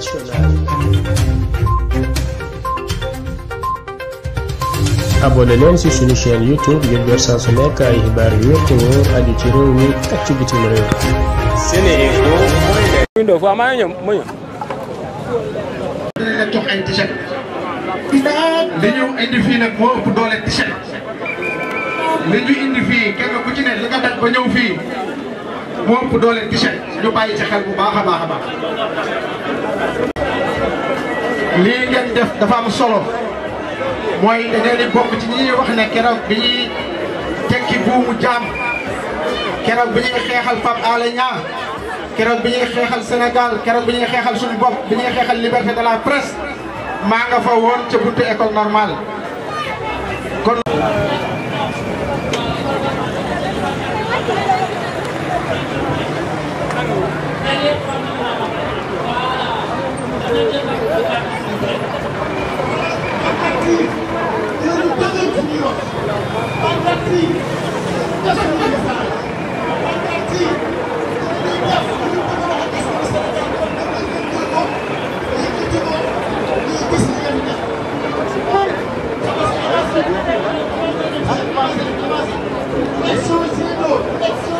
internationale. abonné leen ci suñu youtube ngir jot saa su nekk ay xibaar yu wér te wóor ci réew mi ak ci bitim réew. Sénéinfo. waaw maa ngi ñëw ma ñëw. dinañ la jox ay t-shirt. li ñu indi fii nag moo ëpp doole t-shirt. li indi fii kenn ku ci ne li nga ba ñëw fii. moo ëpp doole tichet ñu bàyyi ci xel bu baax a baax a baax lii ngeen def dafa am solo mooy da ngeen di bokk wax ne keroog bi ñuy tekki buumu jaam keroog bi ñuy xeexal Pape Alé Niang keroog bi ñuy xeexal Sénégal keroog bi ñuy xeexal suñu bopp bi ñuy xeexal liberté de la presse maa nga fa woon ca buntu école Let's do it, let's do it.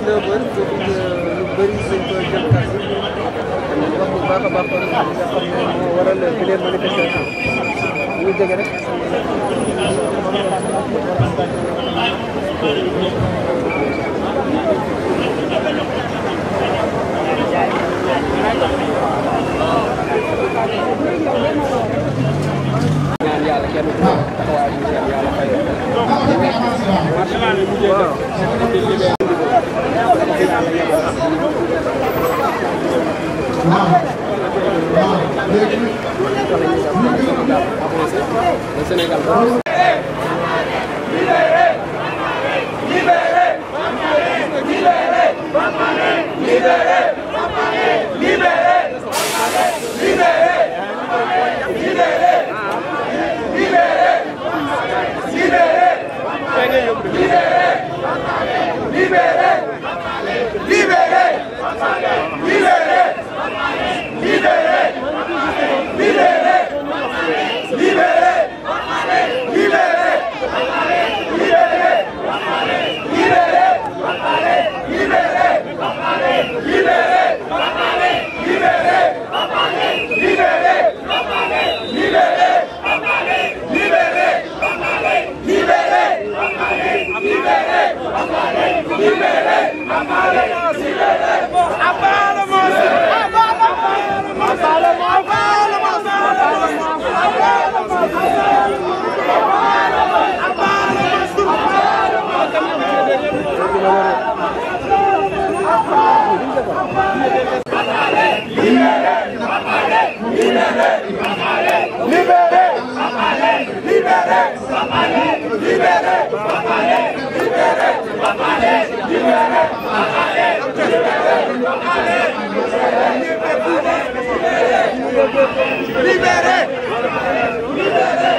19 heures foofu lu bëri dañ koy jël kàddu wax bu baax a baax kon nga xam ne moo waral bi leen manifestation ñu jege rek. ñaan yàlla kenn ku taxawaay bi ñaan yàlla fay marché bi mujjee def waaw waaw léegi ñu libéré libéré Libérez Libérez Libérez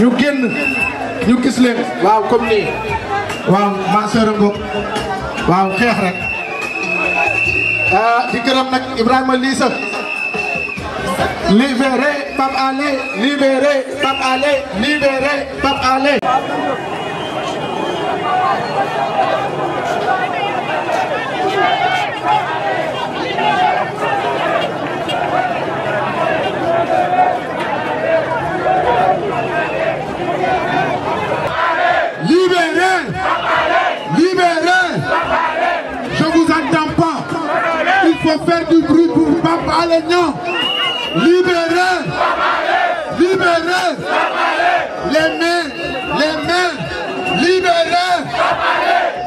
ñu génn gis leen waaw comme nii waaw ma sœur waaw xeex rek ah. ah di gërëm nag Ibrahima lii sax libéré Pape Alé libéré Pape Alé libéré du bruit pour Pape Alé Niang libérez libérez les mains les mains libérez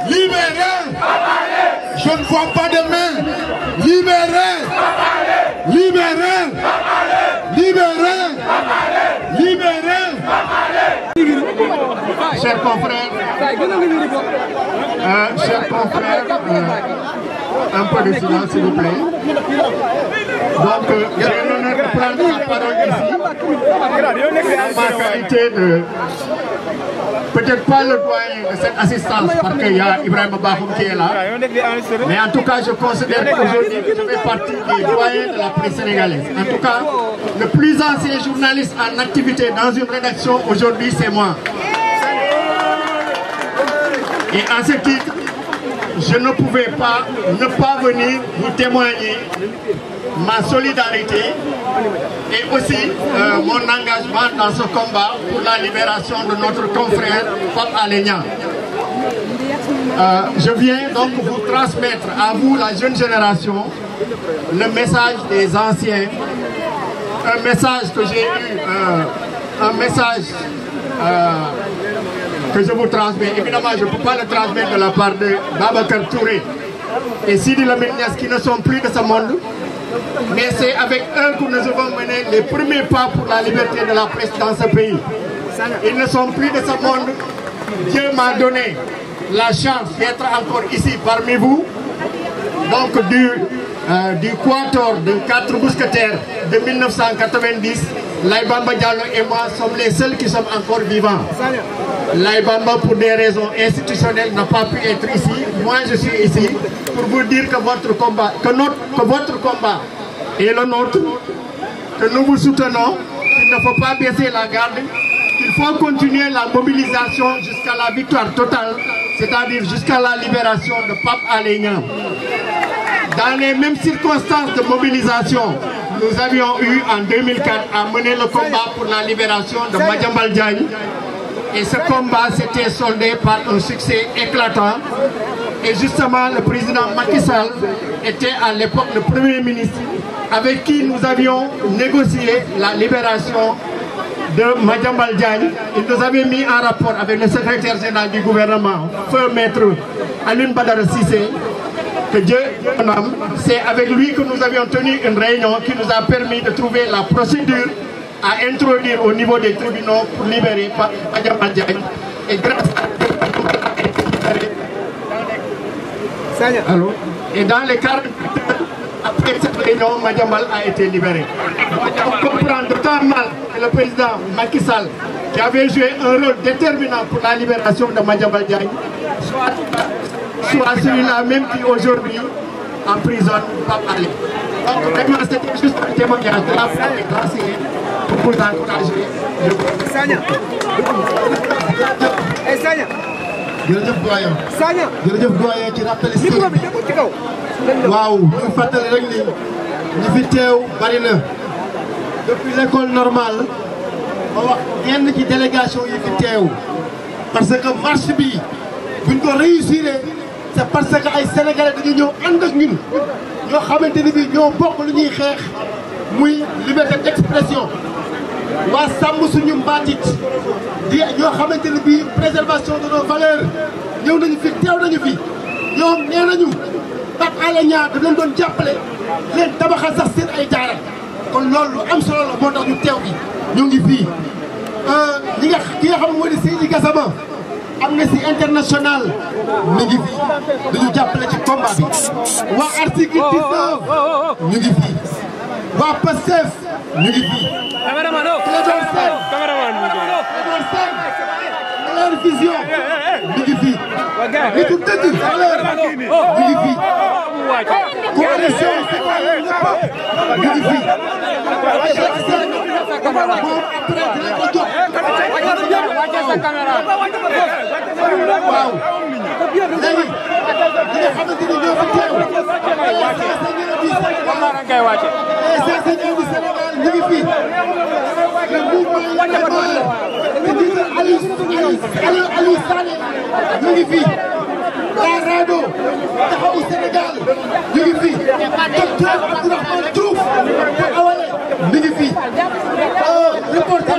libérez je ne vois pas de mains libérez libérez libérez libérez chers confrères euh, chers confrères euh, un peu de silence s'il vous euh, de la parole ici ma qualité de peut-être pas le doyen de cette assistance parce qu'il y a Ibrahima Bakhoum qui est là. Mais en tout cas, je considère qu'aujourd'hui, je fais partie des doyens de la presse sénégalaise. En tout cas, le plus ancien journaliste en activité dans une rédaction aujourd'hui, c'est moi. Et en ce titre, je ne pouvais pas ne pas venir vous témoigner ma solidarité et aussi euh, mon engagement dans ce combat pour la libération de notre confrère Pape Alé euh, je viens donc vous transmettre à vous, la jeune génération, le message des anciens, un message que j'ai eu, euh, un message que je vous transmets. Évidemment, je ne peux pas le transmettre de la part de Babacar Touré et Sidi Lamine qui ne sont plus de ce monde. Mais c'est avec eux que nous avons mené les premiers pas pour la liberté de la presse dans ce pays. Ils ne sont plus de ce monde. Dieu m'a donné la chance d'être encore ici parmi vous. Donc du, euh, du de quatre mousquetaires de 1990, Laïbamba Diallo et moi sommes les seuls qui sommes encore vivants. Laïbamba, pour des raisons institutionnelles, n'a pas pu être ici. Moi, je suis ici pour vous dire que votre combat, que, le nôtre, que nous vous soutenons, qu'il ne faut pas baisser la garde, qu'il faut continuer la mobilisation jusqu'à la victoire totale, c'est-à-dire jusqu'à la libération de Pape Alénian. Dans les mêmes circonstances de mobilisation, nous avions eu en à mener le combat pour la libération de Madjambal Et ce combat s'était soldé par un succès éclatant. Et justement, le président Macky Sall était à l'époque le premier ministre avec qui nous avions négocié la libération de Madjambal Diagne. Il nous avait mis en rapport avec le secrétaire général du gouvernement, feu maître Alun Badar Sissé, que Dieu C'est avec lui que nous avions tenu une réunion qui nous a permis de trouver la procédure à introduire au niveau des tribunaux pour libérer Adjamal Diagne. Et grâce à Allô Et dans les 40 après cette réunion, a été libéré. On comprend d'autant mal le président Macky qui avait joué un rôle déterminant pour la libération de Madjamal Diagne, soit, soit celui-là même qui aujourd'hui emprisonne Papa Donc, vraiment, c'était juste un témoignage de la foi et pourtant jërëjëf doyen. Sagna jërëjëf doyen ci rappel historique bi micro bi ci waaw ñu fàttali rek ni ñi fi teew bari na. depuis l' école normale ba wax yenn ci délégation yi fi teew. que marche bi buñ ko réussir parce que ay sénégalais dañu ñëw ànd ak ñun. ñoo xamante ni bi ñoo bokk lu xeex muy liberté expression. waa sàmm suñu mbaatit di ñoo xamante ne bii préservation de nos valeurs ñëw nañu fi teew nañu fi ñoom nee nañu Pape Alé Niang da leen doon jàppale leen tabaxal sax seen ay daara kon loolu lu am solo la moo tax ñu teew bi ñu ngi fii euh, ki nga xam ne di Seydi Gassama Amnesty International mi ngi fii dañu jàppale ci combat bi waa article 19 ñu ngi fii waa Pastef ñu ngi fi. cameraman Clédor Sène Clédor Sène. Claire Vision ñu ngi fi. nit ku dëgg ñu ngi fi. coalition Sénégal ñëpp ñu ngi fi. waaw léegi li nga xamante ni ñoo fi teew SACCU du Sénégal ñu ngi fi le mouvement Lébar te jiital Aliou Aliou Aliou Sané ñu ngi fi la RADDHO taxawu Sénégal ñu ngi fi docteur Abdourahmane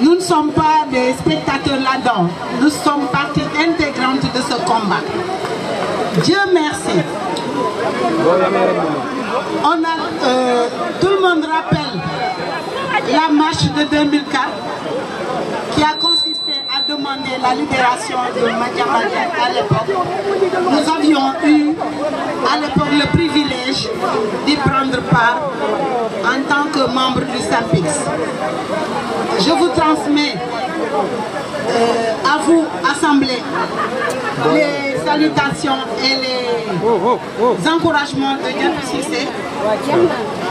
Nous ne sommes pas des spectateurs là-dedans. Nous sommes partie intégrante de ce combat. Dieu merci. Euh, tout le monde rappelle la marche de 2004. demandé la libération de Madiambal Diagne à nous avions eu le privilège d'y prendre part en tant que membre du SAPIX. Je vous transmets euh, à vous, Assemblée, les salutations et les oh, oh, oh. encouragements de Dieu Cissé.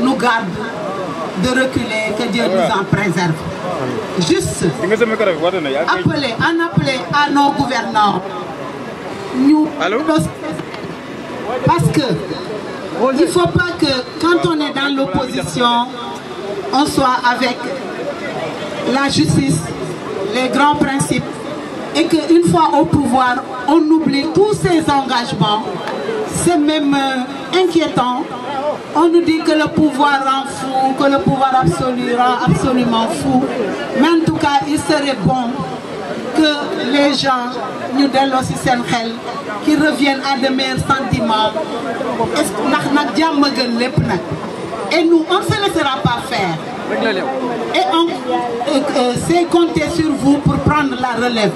nous garde de reculer, que Dieu nous en préserve. en appeler à nos gouvernants. parce que il ne pas que quand on est dans l'opposition, on soit avec la justice, les grands principes, et qu'une fois au pouvoir, on oublie tous ces engagements. C'est même euh, inquiétant On nous dit que le pouvoir rend fou, que le pouvoir absolu rend absolument fou. Mais en tout cas, il serait bon que les gens ñu delloo ci seen xel qui reviennent à de meilleurs sentiments ndax nag jàmm gën lépp nag et nous on se laissera pas faire et on euh, euh sur vous pour prendre la relève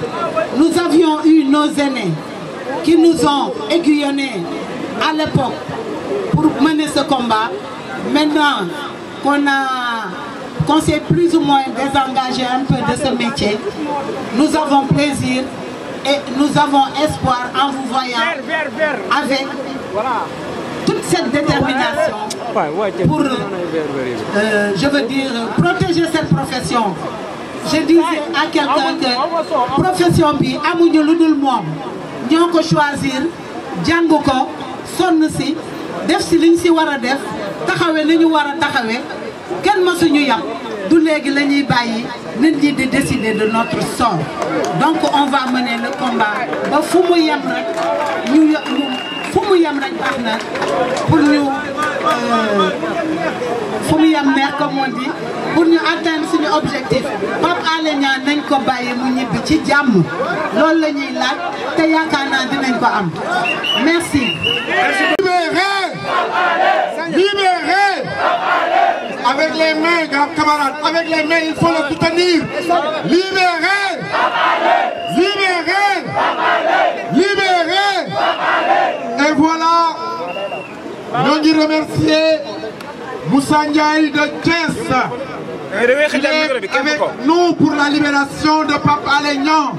nous avions eu nos aînés qui nous ont aiguillonnés à l'époque mener ce combat. Maintenant qu'on a, qu'on s'est plus ou moins désengagé un peu de ce métier, nous avons plaisir et nous avons espoir en vous voyant avec toute cette détermination pour, euh, je veux dire, protéger cette profession. Je disais à quelqu'un que profession bi amuñu lu dul moom ñoo ko choisir jàng ko sonn si. def si liñ si war a def taxawe li ñu war a taxawe kenn mësuñu yàpp du léegi la ñuy bàyyi nit ñi di décider de notre sort donc on va mener le combat ba fu mu yem rek ñu pour ñu euh, fu mu yem neex comme on dit pour ñu suñu objectif Pape Alé Niang nañ ko bàyyi mu ñibbi ci jàmm loolu la ñuy laaj te yaakaar naa dinañ ko am merci. Libérez Avec les mains, camarades, avec les mains, il faut le soutenir. Libérez Libérez Libérez Et voilà, nous remercions Moussa Ndiaye de Thiès. Il est avec nous pour la libération de Pape Alignan.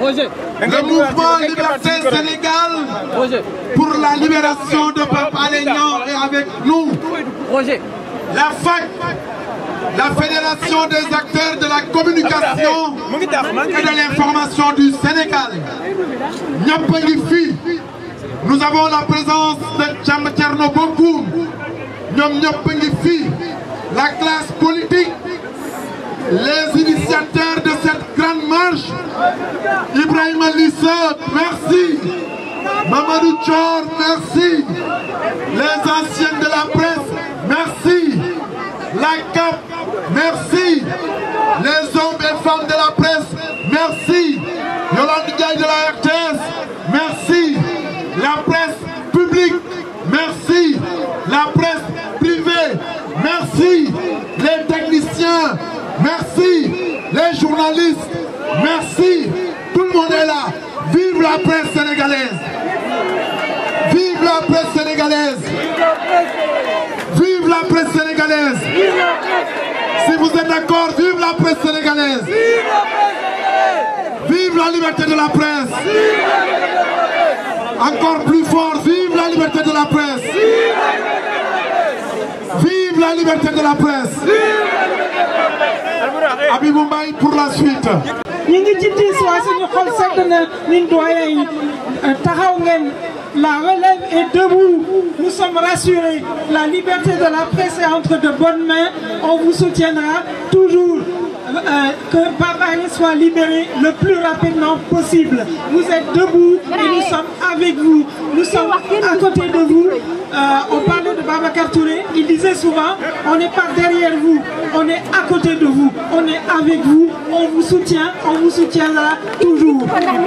Le mouvement Liberté Sénégal pour la libération de Pape Alignan est avec La FAC, la Fédération des acteurs de la communication de l'information du nous avons la présence de Tcham Tchernobokoum. la classe politique, les initiateurs de cette grande marche, Ibrahim Alissa, merci. Mamadou merci. Les anciens de la presse, merci. La CAP, merci. Les hommes et femmes de la presse, merci. Yolande Gaye de la RTS, merci. La presse publique, merci. La presse Merci les techniciens, merci les journalistes, merci. Tout le monde est là. Vive la presse sénégalaise. Vive la presse sénégalaise. Vive la presse sénégalaise. Vive la liberté de la presse. Encore plus fort. de la presse. Abibou Mbaye pour la suite. ñi ngi ci diis waaye suñu xol sedd na euh, la relève est debout nous sommes rassurés la liberté de la presse est entre de bonnes mains on vous soutiendra toujours. euh, que Pavaré soit libéré le plus rapidement possible. Vous êtes debout et nous sommes avec vous. Nous sommes à côté de vous. Euh, on parlait de Babacar Touré, il disait souvent, on n'est pas derrière vous, on est à côté de vous, on est avec vous, on vous soutient, on vous soutiendra toujours. Euh,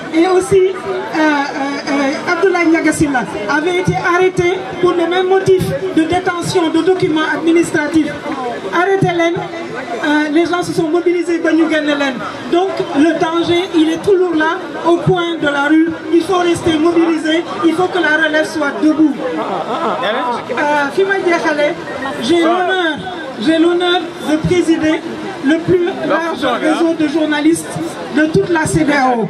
et aussi euh, euh, euh, Abdoulaye Ndiaga Sylla avait été arrêté pour le même motif de détention de documents administratifs arrêté leen les gens se sont mobilisés ba ñu génne leen donc le danger il est toujours là au coin de la rue il faut rester mobilisé il faut que la relève soit debout fi ma jeexale j'ai l'honneur j'ai l'honneur de présider le plus large réseau de journalistes de toute la CEDEAO.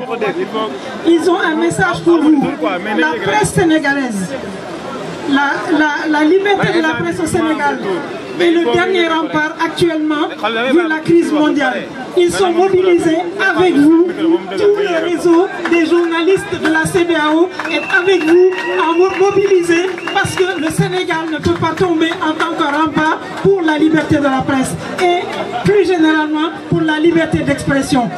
Ils ont un message pour vous, la presse sénégalaise. La, la, la liberté de la presse au Sénégal est le dernier rempart actuellement de la crise mondiale. Ils sont mobilisés avec vous, tout le réseau des journalistes de la CBAO est avec vous à mobiliser parce que le Sénégal ne peut pas tomber en tant que rempart pour la liberté de la presse et plus généralement pour la liberté d'expression.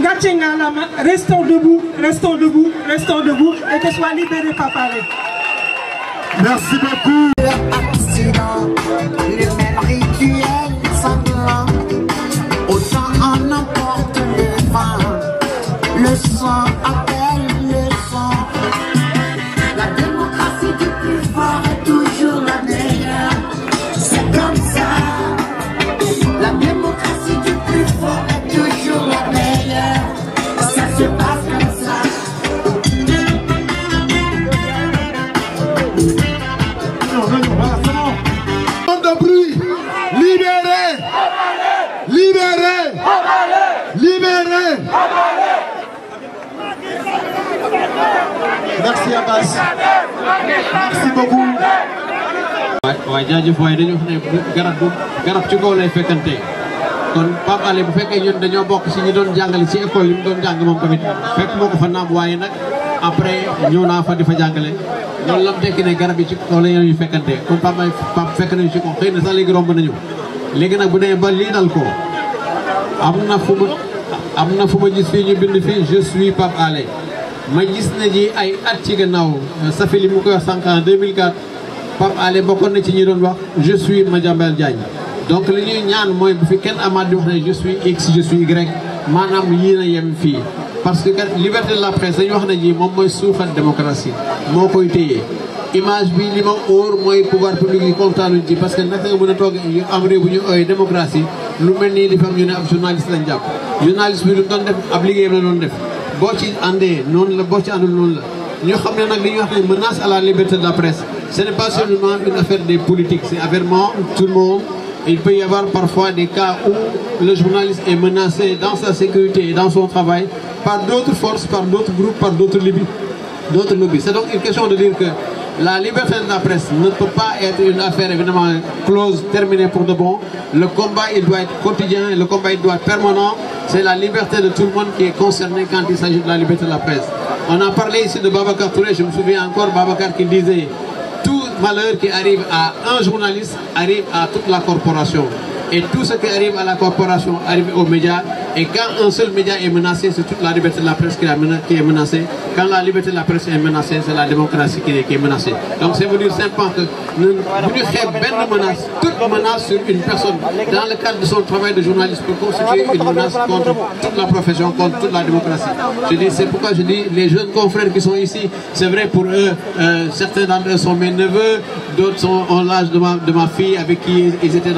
Gatchengalama, restons debout, restons debout, restons debout et que soit libéré par parler. Merci beaucoup. merci Abbas merci beaucoup. waaw waaw jaajëf waaye ne garab bu garab ci kaw lay fekkante kon Pape bu fekkee ñun dañoo bokk si ñu doon jàngale ci école yi mu doon jàng moom tamit fekk moo ko fa naam waaye nag après ñëw naa fa di fa jàngale loolu la mu tekki ne garab yi ci kaw la ñuy fekkante kon Pape Pape fekk nañu ci kaw xëy na sax léegi romb nañu léegi nag bu dee ba lii dal ko am na fu ma am na fu ma gis fii ñu bind fii je suis Pape ma gis na ji ay at ci gannaaw safi euh, li mu koy wax sànq en 2004 bokkoon na ci ñi doon wax je suis Madiambal Diagne donc li ñuy ñaan mooy bu fi kenn amaat di wax ne je suis x je suis y maanaam yii na yem fii parce que kat liberté de la presse dañu wax na ji moom mooy suuxat démocratie moo koy téye image bi li ma óor mooy pouvoir public yi kontaanuñ ci parce que naka nga mën a toog am réew bu ñu ooyee démocratie lu mel nii di fam ñu ne ab journaliste lañ jàpp journaliste bi du doon def boo ci àndee noonu la boo ci àndul noonu la ñu xam ne nag li ñuy wax ne menace à la liberté de la presse ce n'est pas seulement une affaire des politiques c'est avèrement tout le monde il peut y avoir parfois des cas où le journaliste est menacé dans sa sécurité et dans son travail par d'autres forces par d'autres groupes par d'autres lobbies c'est donc une question de dire La liberté de la presse ne peut pas être une affaire évidemment close, terminée pour de bon. Le combat, il doit être quotidien, le combat, il doit être permanent. C'est la liberté de tout le monde qui est concernée quand il s'agit de la liberté de la presse. On a parlé ici de Babacar Touré, je me souviens encore Babacar qui disait « Tout malheur qui arrive à un journaliste arrive à toute la corporation ». Et tout ce qui arrive à la corporation arrive aux médias. Et quand un seul média est menacé, c'est toute la liberté de la presse qui, est menacée. c'est la démocratie qui est, menacée. Donc c'est venu simplement que nous voulons faire de son travail de journaliste, pour constituer une menace contre toute la profession, contre toute la démocratie. Je dis, c'est pourquoi euh, certains d'entre eux sont mes neveux, d'autres sont en l'âge de ma, fille avec qui ils étaient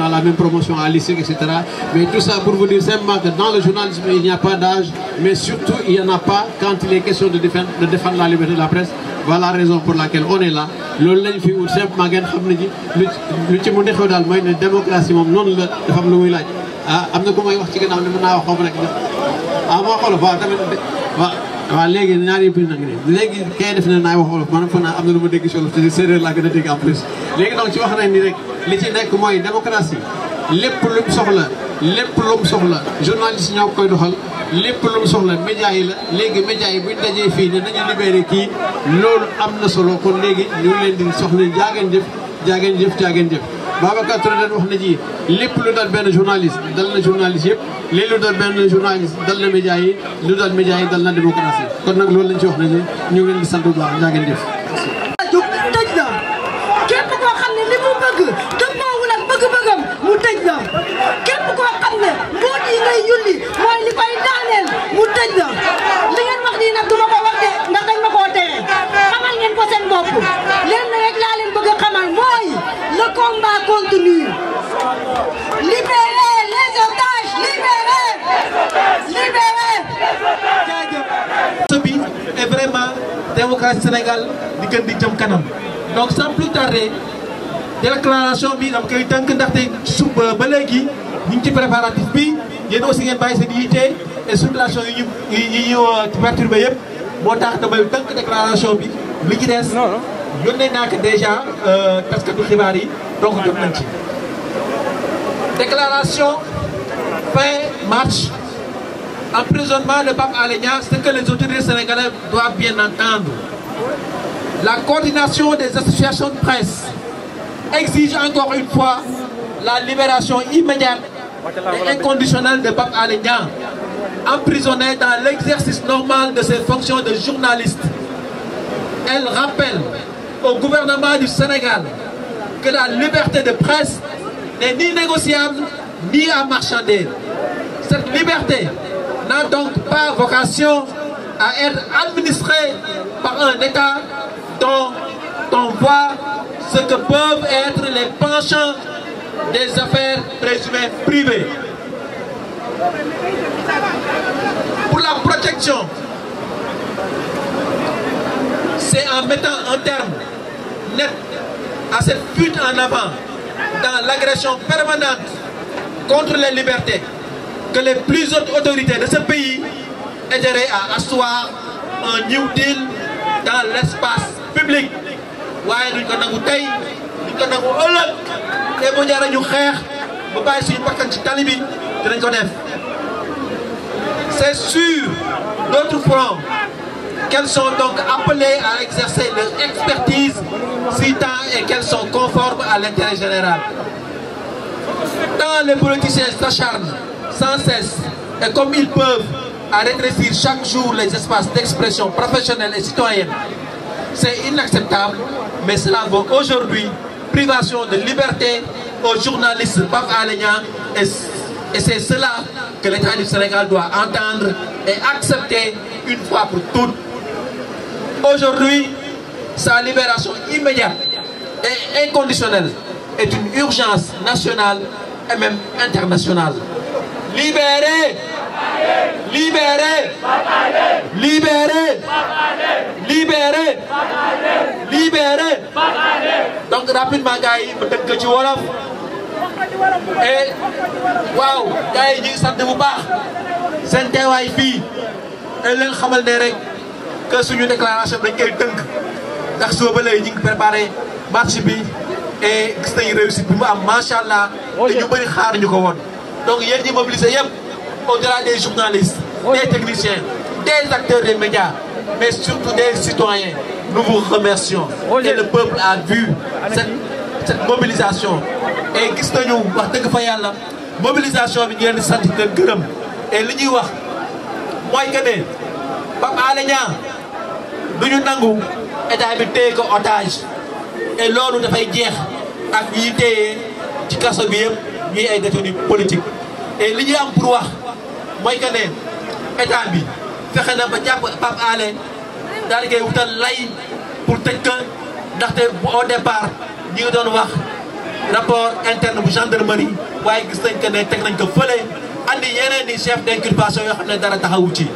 à lycée, etc. Mais tout ça pour vous dire simplement que dans le journalisme, il n'y a pas d'âge, mais surtout, il n'y a pas quand il est de défendre, la liberté de la presse. Voilà raison pour laquelle on est là. loolu lañ fi wut simplement xam ne ji lu ci mu dexew daal mooy ne démocratie moom noonu la dafa lu muy laaj ah am na ku may wax ci gànnaaw ne mën naa wax xaw ma ah ma xool waaw tamit waaw waaw léegi ñaari yëpp nag ne léegi kay def na a lépp lu mu soxla lépp lu mu soxla journaliste ñoo koy doxal lépp lu mu soxla média yi la léegi média yi buñ dajee fii ne nañu libéré kii loolu am na solo kon léegi ñu ngi leen di soxla jaageen jëf jaageen jëf jaageen jëf Babacar Touré dañ wax na ji lépp lu dal benn journaliste dal na journaliste yëpp léegi lu dal benn journaliste dal na média yi lu dal média yi dal na démocratie kon nag loolu lañ ci wax nañu ñu ngi leen di sant bu baax jaageen jëf leen seen bopp lenn rek laa leen bëgg a mooy le combat continue libérez les otages libérez libérez bi est vraiment démocratie Sénégal di gën di jëm kanam donc sans plus tarder déclaration bi dama koy tënk ndaxte suba ba léegi ñu ngi ci préparatif bi yéen aussi ngeen yi ñu yi ñu euh, perturbé yëpp moo tax damay tënk déclaration bi li ci des. non non yónnee naa ko dèjà euh, taskatu donc jot nañ ci. déclaration fin mars emprisonnement de Pape Alé Niang ce que les autorités sénégalaises doivent bien entendre la coordination des associations de presse exige encore une fois la libération immédiate et inconditionnelle de Pape Alé Niang dans l'exercice normal de ses fonctions de journaliste Elle rappelle au gouvernement du Sénégal que la liberté de presse n'est ni négociable ni à marchander. Cette liberté n'a donc pas vocation à être administrée par un État dont on voit ce que peuvent être les penchants des affaires présumées privées. Pour la protection c'est en mettant un terme net à cette fuite en avant dans l'agression permanente contre les libertés que les plus hautes autorités de ce pays aideraient à asseoir un New Deal dans l'espace public waaye duñ ko nangu tey duñ ko nangu ëllëg tey bu jaaree ñu xeex ba bàyyi suñu bakkan ci tali bi dinañ ko def c'est sûr d'autres fronts qu'elles sont donc appelées à exercer leur expertise si tant et qu'elles sont conformes à l'intérêt général. Tant les politiciens s'acharnent sans cesse et comme ils peuvent à rétrécir chaque jour les espaces d'expression professionnelle et citoyenne, c'est inacceptable, mais cela vaut aujourd'hui privation de liberté aux journalistes Pape Alenia et, et c'est cela que l'État du Sénégal doit entendre et accepter une fois pour toutes. Aujourd'hui, sa libération immédiate et inconditionnelle est une urgence nationale et même internationale. Libérez Libérez Libérez Libérez Libérez donc rapidement gars yi ma dëkk ci wolof et waaw gars yi ñu ngi sant bu baax seen teewaay fii et leen xamal ne rek que suñu déclaration dañ koy tënk ndax suba ba léegi ñu ngi préparé marche bi et gis nañu réussite bi mu am macha allah te ñu bëri xaar ñu ko woon. donc yéen ñi mobilisé yëpp au des journalistes des techniciens des acteurs des médias mais surtout des citoyens nous vous remercions. et le peuple a vu cette mobilisation. et gis nañu wax dëgg fa yàlla mobilisation bi ñu leen di sant di li ñuy wax mooy que ne Pape Alé Niang du ñu nangu état bi téye ko otage et loolu dafay jeex ak ñiy téye ci kaso bi yëpp ñuy ay détenus politique et li ñuy am pour wax mooy que ne état bi fexe na ba jàpp Pape Alé daal di koy wutal lay pour tëj ko ndaxte au départ ñi ngi doon wax rapport interne bu gendarmerie waaye gis nañ que ne teg nañ ko fële andi yeneen i chef de d'inculpation yoo xam ne dara taxawu ci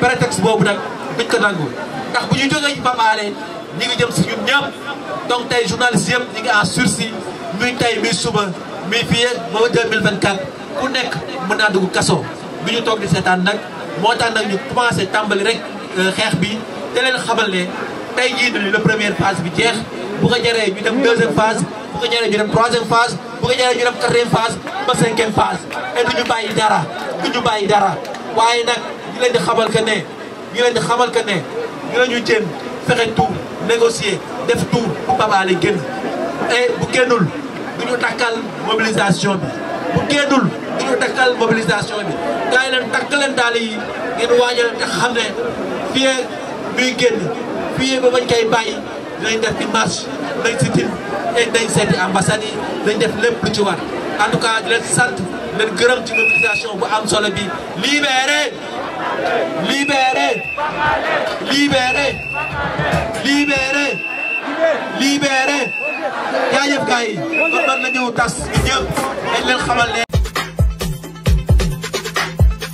prétexte boobu nag duñ ko nangu. ndax bu ñu jógee ci Bambaale ñi ngi jëm si ñun ñëpp donc tey journaliste yëpp ñi en sursis muy tey muy suba muy fii ba 2024 ku nekk mën naa dugg kaso du ñu toog seetaan nag moo tax ñu commencé tàmbali rek euh, xeex bi te leen ne tey jii nii la première bi jeex bu ko jaree ñu dem deuxième phase bu ko jaree ñu dem troisième phase bu ko jaree ñu dem ñu bàyyi dara waaye nag ñu leen di xamal ne ñu leen di xamal dinañu jéem fexe tuur négocier def tuur bu Pabaale génn et bu génnul du ñu takkal mobilisation bi bu génnul du ñu bi gars yi leen takk leen daal yi ngeen waajal te xam ne fii muy génn fii ba bañ koy bàyyi dinañ def di marche dinañ si tin et dinañ seeti ambassades yi def lépp lu ci war en tout cas di leen sant leen gërëm ci mobilisation bu am solo bi libéré Libérez libérez libérez libérez jaajëf gars yi kon man la ñëw tas bi ñëpp dañ leen xamal ne